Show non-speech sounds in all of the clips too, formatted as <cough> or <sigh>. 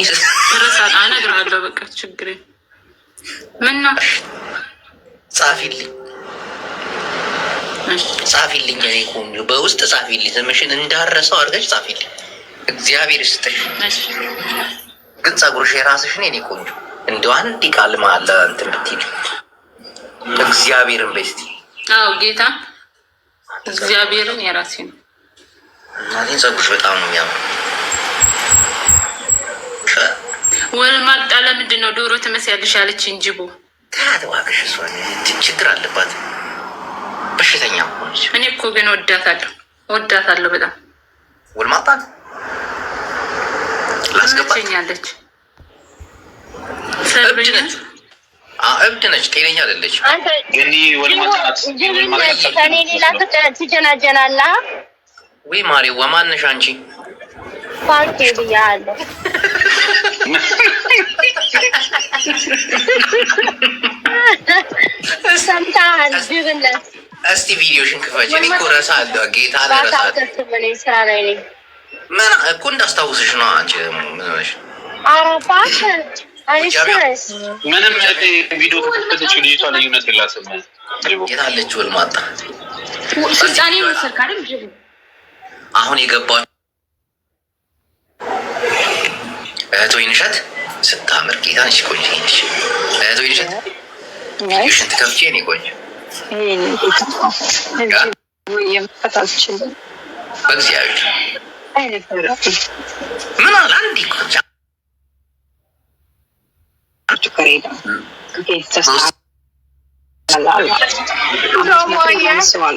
እነግርሃለሁ። በቃ ችግር ምን ነው? ጻፊልኝ ጻፊልኝ፣ እኔ ቆንጆ በውስጥ ጻፊልኝ፣ ስምሽን እንዳረሰው አድርገሽ ጻፊልኝ። እግዚአብሔር ይስጥሽ። ግን ጸጉርሽ የራስሽ ነው የኔ ቆንጆ። እንደው አንድ ቃል ማለ እንትን ብትይ እግዚአብሔርን በስቲ። አዎ ጌታ እግዚአብሔርን የራሴ ነው። እናቴን ጸጉርሽ በጣም ነው የሚያምር ወልማጣ ለምንድን ነው ዶሮ ትመስያለሽ አለች እንጂ ቦ ታያት እባክሽ። እሷ ችግር አለባት በሽተኛ ሆነች። እኔ እኮ ግን ወዳታለሁ ወዳታለሁ በጣም ወልማጣ ላስገባኛለች። እብድ ነች፣ ጤነኛ አይደለች። ከኔ ሌላ ትጀናጀናላ ወይ ማሬዋ ማነሽ አንቺ ፓርቴ ብያለሁ <laughs> ሰምተሃል? <laughs> ድብነት እስቲ ቪዲዮሽን ክፈች። እኔ እኮ እረሳለሁ፣ ጌታ እረሳለሁ። ምን እኮ እንዳስታውስሽ ነው። አንቺ ምንም ቪዲዮ አሁን የገባች እህቶ ይንሸት ስታምር ጌታ ነች፣ ቆንጆ ነች። እህቶ ይንሸት ሽንት ከፍቼ ነው ቆንጆ በእግዚአብሔር ምን አለ አንድ ሰው አለ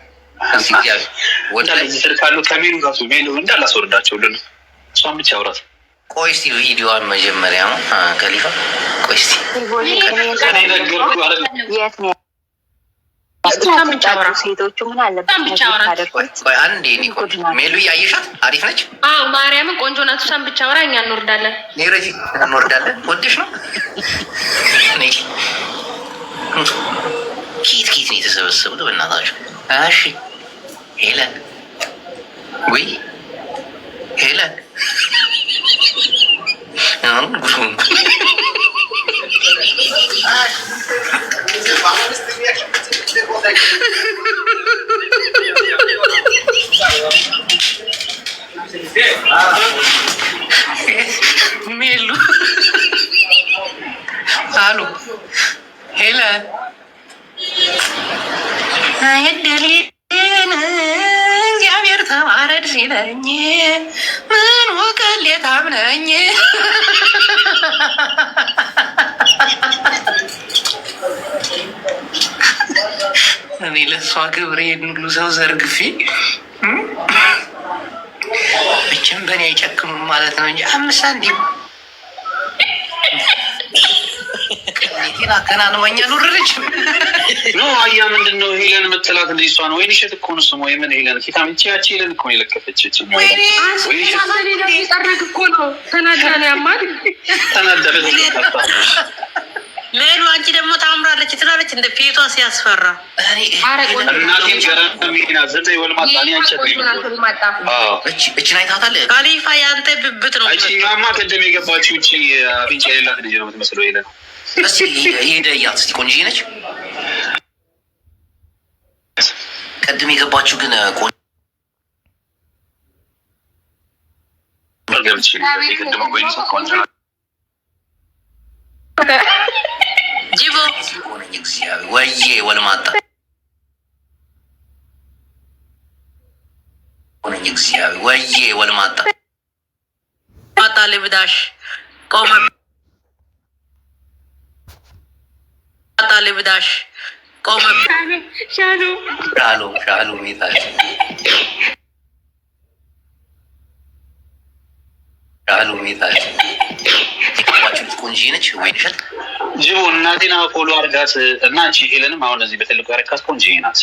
ካሉ ከሜኑ ራሱ ሜኑ እንዳላስወርዳቸው ልን እሷን ብቻ አውራት። ቆይ እስኪ ቪዲዮዋን መጀመሪያ ነው ከሊፋ። ቆይ እስኪ ሜሉ እያየሻት አሪፍ ነች፣ ማርያምን ቆንጆ ናት። እሷን ብቻ አውራ፣ እኛ እንወርዳለን። ኔረጂ እንወርዳለን። ወደሽ ነው ኬት ኬት ነው የተሰበሰቡት በእናታቸው። እሺ hế lên quý hế lên nón gùm Melu Alo Hela Hayır deli ነኝ ምን ወቀሌታም ነኝ እኔ ለእሷ ግብሬ ሁሉ ሰው ዘርግፊ ብቻም በእኔ አይጨክሙም ማለት ነው እንጂ አምሳ እንዲሁ ቅሌቴን አከናንባኛ ኑርልች ኖ አያ ምንድን ነው ሄለን የምትላት እንደ እሷ ነው። ወይኔ እሸት እኮ ነው ስሟ። የምን ሄለን ኪታም እንጂ ያቺ ሄለን እኮ እቺ ነው የለከፈች ሌሉ አንቺ ደግሞ ታምራለች ትላለች። እንደ ፊቷ ሲያስፈራ እችን አይታታል። ካሊፋ የአንተ ብብት ነው። እቺ እችኛማ ቅድም የገባችው እቺ አፍንጫ የሌላት ልጅ ነው የምትመስለው። ሄለን እስኪ ሄደ እያት እስኪ ቆንጆ ነች። ቅድም የገባችሁ ግን ወዬ ወልማጣ ወዬ ወልማጣ ማጣ ልብዳሽ ቆመ ማጣ ልብዳሽ ሻሎ ሻሎ ቤታችን ነች ወይ ይሻል ጅቡ እናቴና ፎሎ አርጋት እና አንቺ ሄለንም አሁን እዚህ በትልቁ ያረካት ናት።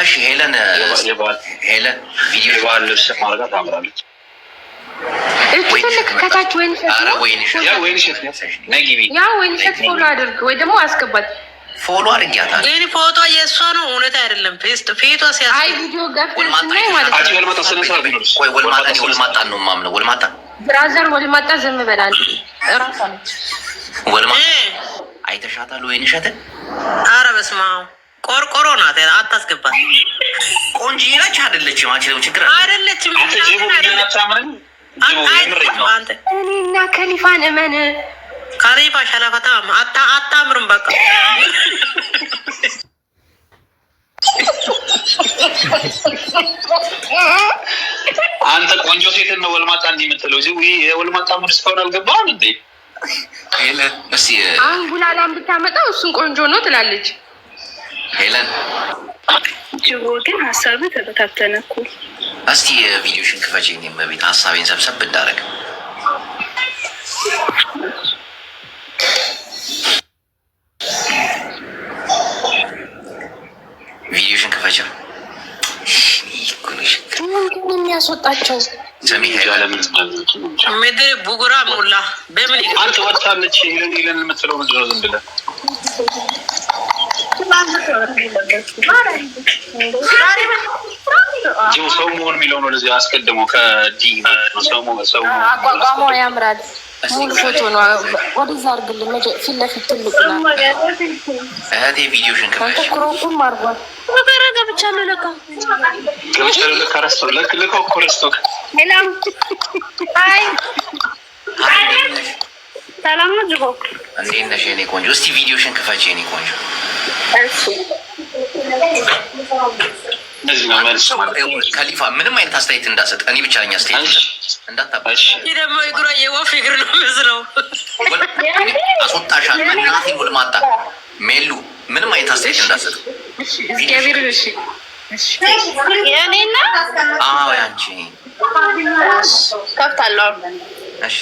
እሺ ሄለን ሄለን ቪዲዮ ልብስ ታምራለች። ነጊቢ ያ ፎሎ አድርግ ወይ ደግሞ አስገባት ፎሎ አድርጊያታለሁ። ግን ፎቶ የእሷ ነው እውነት አይደለም። ፌስት ፌቷ ወልማጣን ነው ማምነው። ወልማጣ ብራዘር፣ ወልማጣ ዝም በላል። ወልማጣ አይተሻታል ወይ ንሸትን? ኧረ በስመ አብ ቆርቆሮ ናት። አታስገባት። ቆንጆ ነች አይደለችም? ችግር አይደለችም። እኔና ከሊፋን እመን ካሪባ ሸለፈታ አታምርም። በቃ አንተ ቆንጆ ሴት ነው ወልማጣ እንዲህ የምትለው እዚ የወልማጣ ሙድ እስካሁን አልገባህም እንዴ? ሄለን አሁን ቡላላን ብታመጣው እሱን ቆንጆ ነው ትላለች ሄለን። ጅቦ ግን ሀሳብህ ተበታተነ እኮ። እስቲ የቪዲዮሽን ክፈችኝ፣ ቤት ሀሳቤን ሰብሰብ ብናደርግ አወጣቸው። ምድር ቡጉራ ሞላ። በምን አንተ ወታለች ይለን ይለን የምትለው ምድ ነው? ዝም ብለህ ሰው መሆን የሚለው ነው። ለዚህ አስቀድሞ ከዲ ሰው አቋቋሞ ያምራል ሙሉ ፎቶ ነው። ወደዛ አድርግልኝ ፊት ለፊት ትልቅ እህቴ አድርጓል ብቻ ነው ለካ ሰላም እንዴት ነሽ የኔ ቆንጆ? እስቲ ቪዲዮሽን ክፈች የኔ ቆንጆ። ከሊፋ ምንም አይነት አስተያየት እንዳሰጥ እኔ ብቻ ነኝ አስተያየት ደግሞ እግሯ የወፍ እግር ነው ምስለው አስወጣሻ እናቴ ጎልማጣ ሜሉ ምንም አይነት አስተያየት እንዳሰጥ የእኔና ያንቺ ከፍታለሁ። እሺ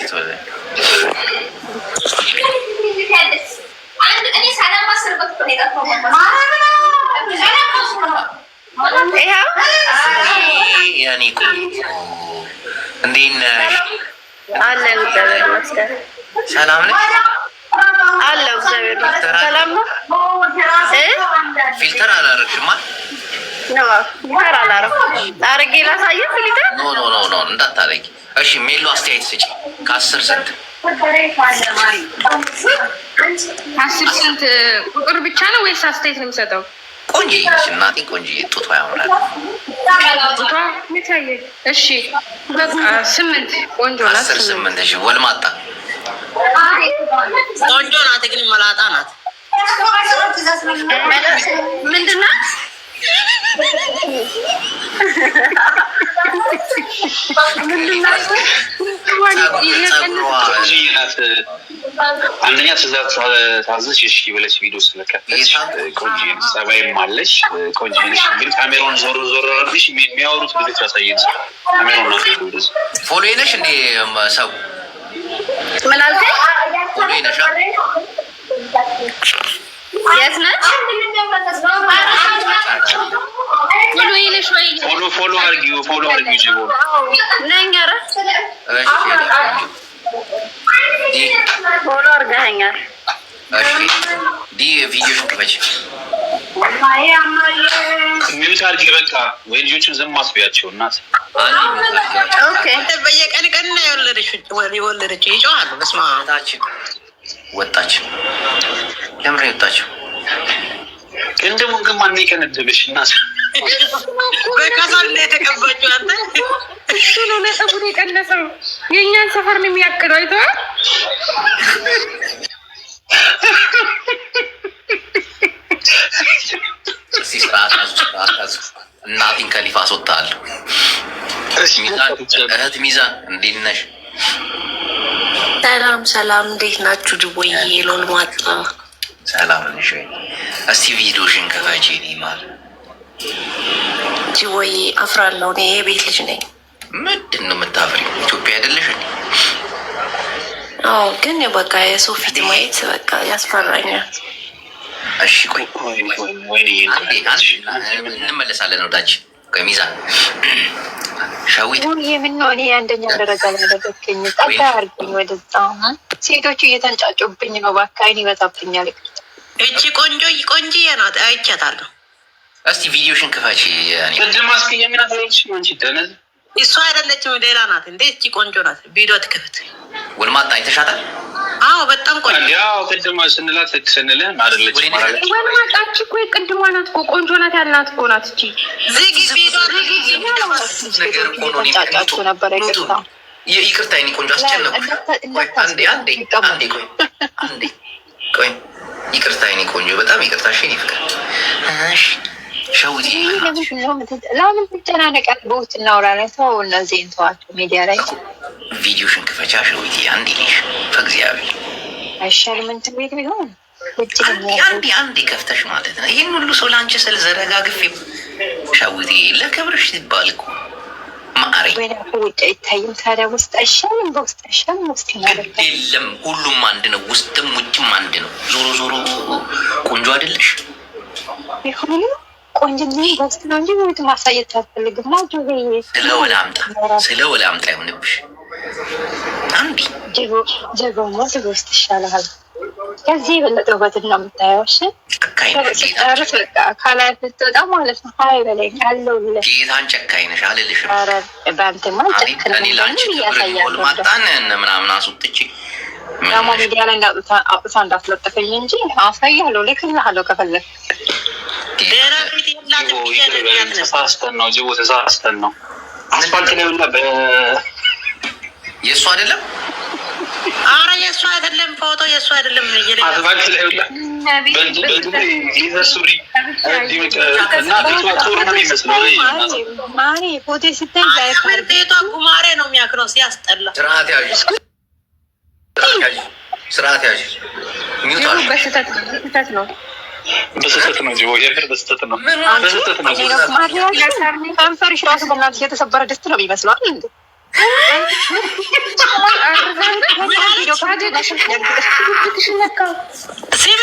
እኔ ሰላም ነሽ? ፊልተር አላረግሽማ? አርጌ ላሳየ ፊልተር ኖ ኖ እንዳታረጊ። እሺ ሜሎ አስተያየት ስጪ። ከአስር ስንት አስር ስንት ቁጥር ብቻ ነው ወይስ አስተያየት ነው የሚሰጠው? ቆንጅዬ ነች እናቴ፣ ቆንጅዬ ጡቷ ያምራል። እሺ ስምንት ቆንጆ ናት። አስር ስምንት እሺ፣ ወልማጣ ቆንጆ ናት፣ ግን መላጣ ናት። ምንድን ናት? አንደኛ ትእዛዝ ታዝሽ እሺ ብለሽ ቪዲዮ ስለከፈትሽ ቆንጆ ጸባይም አለሽ ቆንጆ ነሽ። ግን ካሜራውን ዞር ዞር አድርግሽ የሚያወሩት ልጆች ያሳየን ሰው ካሜራውን ና ፎሎ ነሽ እንዴ ሰው ምን አልከ? ፎሎ ነሽ የት ነች? ፎሎ አድርጊው፣ ፎሎ አድርጊው። ጅቦ ነኝ። ፎሎ አድርገኸኛል። ቪዲዮ ሽንቅበች ሚዩት አድርጊ በቃ። ወይ ልጆችን ዝም አስቢያቸው እናት። በየቀን ቀን እና የወለደችው ይጨዋሉ። በስመ አብ ወጣች። ለምሬ ወጣችው ግን ደግሞ ግን ማን ይቀነደበሽ እናት በከሳ ያስገባችው አንተ እሱ ነው ነጥቡን የቀነሰው። የእኛን ሰፈር ነው የሚያቅደው። አይተዋል። እናቴን ከሊፋ አስወጣለሁ። እህት ሚዛን እንዴት ነሽ? ሰላም ሰላም፣ እንዴት ናችሁ? ድቦዬ ሎል ማጣ ሰላም ነሽ? እስቲ ቪዲዮሽን ከፈቼ ማል እንጂ ወይ አፍራለሁ። እኔ የቤት ልጅ ነኝ። ምንድን ነው የምታፍሪ? ኢትዮጵያ አይደለሽ? አዎ፣ ግን በቃ የሰው ፊት ማየት በቃ ያስፈራኛል። እሺ፣ ቆይ እንመለሳለን። ወዳች ሚዛ ሸዊት የምነው እኔ አንደኛ ደረጃ ላይ ያደረገኝ ጸጋ አርገኝ ወደዛ ሴቶቹ እየተንጫጩብኝ ነው። በአካባቢ ይበዛብኛል። እቺ ቆንጆ ቆንጆዬ የናት አይቻታለሁ እስቲ ቪዲዮሽን ክፈች። ቅድም አስቀያሚ ናት አይደለችም ሌላ ናት። እንዴ እቺ ቆንጆ ናት። ቪዲዮ ትክፍት ወልማታ አይተሻታል? አዎ በጣም ቆንጆ። ቅድማ ስንላት ስንል አይደለች ወልማጣች እኮ ቅድሟ ናት እኮ ቆንጆ ናት ያልናት እኮ ናት እቺ። ዝግ ቪዲዮ ነበረ ይቅርታ ይቅርታ ይኔ ቆንጆ አስጨነቁ። አንዴ አንዴ ቆይ ይቅርታ ይኔ ቆንጆ በጣም ይቅርታ ሽን ይፍቀር እሺ ለምን ትጨናነቃለህ? በውስጥ እናወራለን። ሰው ሚዲያ ላይ አንድ ይልሽ አይሻልም። እንትን ቤት ቢሆን ከፍተሽ ማለት ነው። ይህን ሁሉ ሰው ለአንቺ ስል ዘረጋግፍ ሸዊት ለክብርሽ እኮ የለም። ሁሉም አንድ ነው። ውስጥም ውጭም አንድ ነው። ዞሮ ዞሮ ቆንጆ አይደለሽ ቆንጅና በስት ነው እንጂ ቤት ማሳየት አልፈልግም። ስለወላ አምጣ ስለወላ አምጣ ይሆንብሽ አንዲ ጀጎማ ስጋ ውስጥ ይሻልሃል። ከዚህ የበለጠ ውበትን ነው የምታየው። እሺ በቃ ካላት ብትወጣ ማለት ነው። ሀይ በላይ ካለው ብለህ ጌታን ጨካኝ ነሽ አልልሽም። በአንተማ ጨክንላንች ያሳያል ማጣን ምናምን አስወጥቼ ሚዲያ ላይ አውጥታ እንዳትለጥፈኝ እንጂ አሳያለሁ፣ ልክልሃለሁ ከፈለግ ተሳስተን ነው ጅቦ ተሳስተን ነው። አስፋልት ላይ ብላ የእሱ አይደለም። አረ የእሱ አይደለም። ፎቶ የእሱ አይደለም። አስፋልት ላይ ብላ ቤቷ ጉማሬ ነው የሚያክለው። ሲያስጠላ ስርዓት ያዥ፣ ስርዓት ያዥ ነው በስህተት ነው እንጂ የምር በስህተት ነው። ከንፈርሽ ራሱ በእናትሽ የተሰበረ ድስት ነው የሚመስለው አይደል? ሲሚ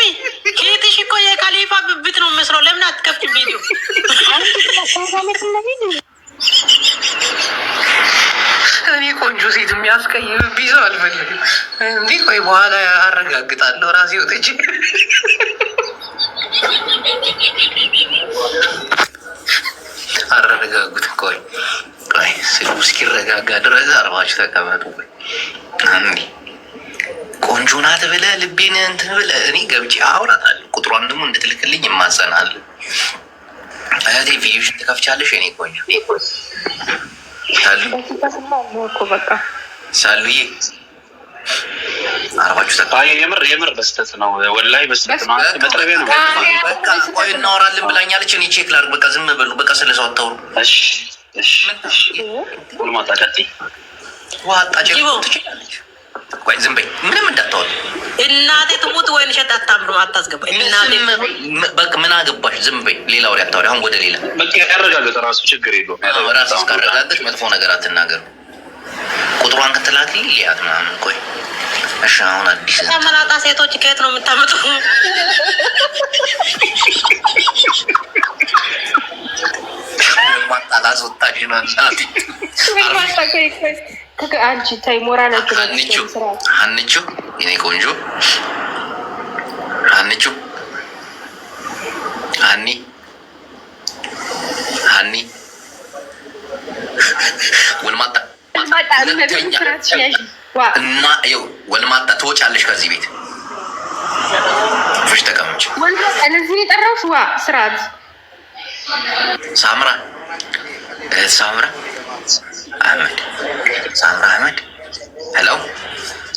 ኬትሽ እኮ የካሊፋ ብብት ነው መስለው። ለምን አትከፍት ቪዲዮ እኔ ቆንጆ ሴት የሚያስቀይም ቢዞ አልፈልግም። እንዲህ ቆይ በኋላ አረጋግጣለሁ ራሴ ወጥቼ አረጋጉት። ቆይ ቆይ ስሉ እስኪረጋጋ ድረስ አርባችሁ ተቀመጡ። ቆንጆ ናት ብለህ ልቤን እንትን ብለህ እኔ ገብቼ አውራታለሁ። ቁጥሯን ደግሞ እንድትልክልኝ ይማጸናል። እህቴ ቪዲዮሽን ትከፍቻለሽ። እኔ ቆንጆ ሳሉዬ የምር የምር በስተት ነው በስተት ነው። መጥረቢያ ነው በቃ። ቆይ እናወራለን ብላኛለች። እኔ ቼክ ላድርግ። በቃ ዝም በሉ በቃ። ስለ ሰው አታውሩ። እሺ እሺ ዝም በይ፣ ምንም እንዳታወሪ። እናቴ ትሙት አታምሩ፣ አታስገባ። በቃ ምን አገባሽ? ዝም በይ፣ ሌላ ወሬ አታወሪ። አሁን ወደ ሌላ በቃ ራሱ ችግር የለውም። መጥፎ ነገር ቁጥሯን ከተላክልኝ ሊያት ምናምን ቆይ እሺ አሁን አዲስ ተመላጣ ሴቶች ከየት ነው የምታመጡ? ሀንቹ የኔ ቆንጆ ሀንቹ ሀኒ ሀኒ ወልማጣ እና ወንማጣ ትወጫለሽ ከዚህ ቤት ፍሽ ተቀምጭ። ለዚህ የጠራሁሽ ዋ ስርዓት ሳምራ ሳምራ አህመድ ሳምራ አህመድ ሄሎ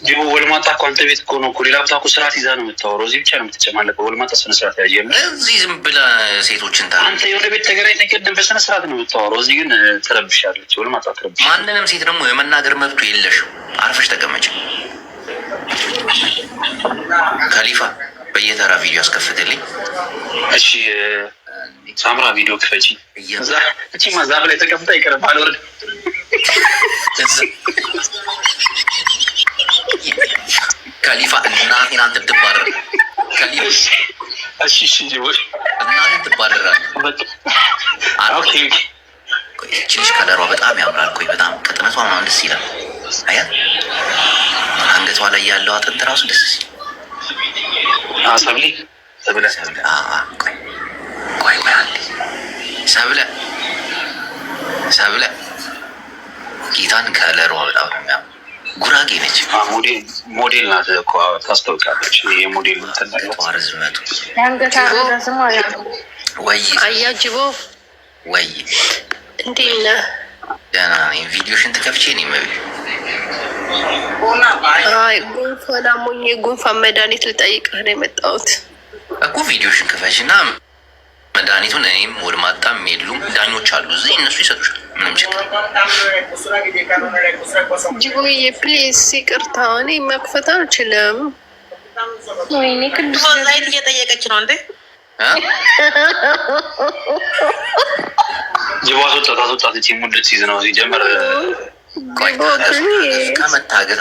ዲቡ ወልማጣ እኮ አንተ ቤት እኮ ነው እኮ ሌላ ቦታ እኮ ስርዓት ይዛ ነው የምታወራው። እዚህ ብቻ ነው የምትጨማለቀው። ወልማጣ ስነ ስርዓት ያየ እዚህ ዝም ብለህ ሴቶችን ታ አንተ የሆነ ቤት ተገናኝተን ቅድም በስነ ስርዓት ነው የምታወራው። እዚህ ግን ትረብሻለች ወልማጣ ትረብሻለች። ማንንም ሴት ደግሞ የመናገር መብቱ የለሽ። አርፈሽ ተቀመጭ። ከሊፋ በየተራ ቪዲዮ አስከፍትልኝ። እሺ ሳምራ ቪዲዮ ክፈቺ። እቺ ዛፍ ላይ ተቀምጣ ይቅር ባልወርድ ከሊፋ እናቴን ናት ትባረር። እሺ እሺ እናቴን ትባረራለህ። ችልሽ ከለሯ በጣም ያምራል። ቆይ በጣም ቅጥነቷ ምናምን ደስ ይላል። አያት ላይ ያለው አጥንት ራሱ ደስ ሲል ሰብለ ሰብለ ጌታን ከለሩ በጣም ነው ጉራጌ ነች። ሞዴል ናት እኮ የሞዴል ርዝመቱ ወይ አያጅቦ ወይ እንዴ ቪዲዮሽን ትከፍቼ ነው አይ ጉንፋን አሞኝ የጉንፋን መድኃኒት ልጠይቅህ ነው የመጣሁት እኮ። ቪዲዮሽን ክፈች እና መድኃኒቱን እኔም ወደ ማጣም የሉም ዳኞች አሉ እዚህ እነሱ ይሰጡሻል። ምንም ችግር ጅቦዬ፣ ፕሊዝ ይቅርታ፣ እኔ መክፈት አልችልም። ወይኔ ቅዱስ እየጠየቀች ነው እንዴ? ጅቦ አስወጣት፣ አስወጣት። ሙድ ሲዝ ነው ከመታገዝ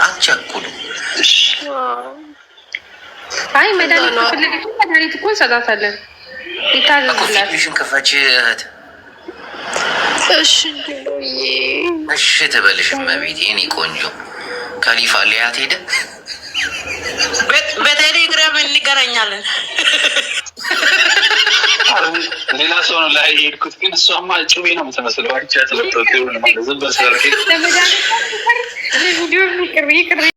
አይ መድኃኒት ከፈለገች መድኃኒት እኮ እንሰጣታለን። ይታዘዝላሽን ክፈች እህት። እሺ ትበልሽ መቤት የኔ ቆንጆ ከሊፋ ሊያት ሄደ። በቴሌግራም እንገናኛለን። ሌላ ሰው ነው ላይ ሄድኩት፣ ግን እሷማ ጩቤ ነው የምትመስለው።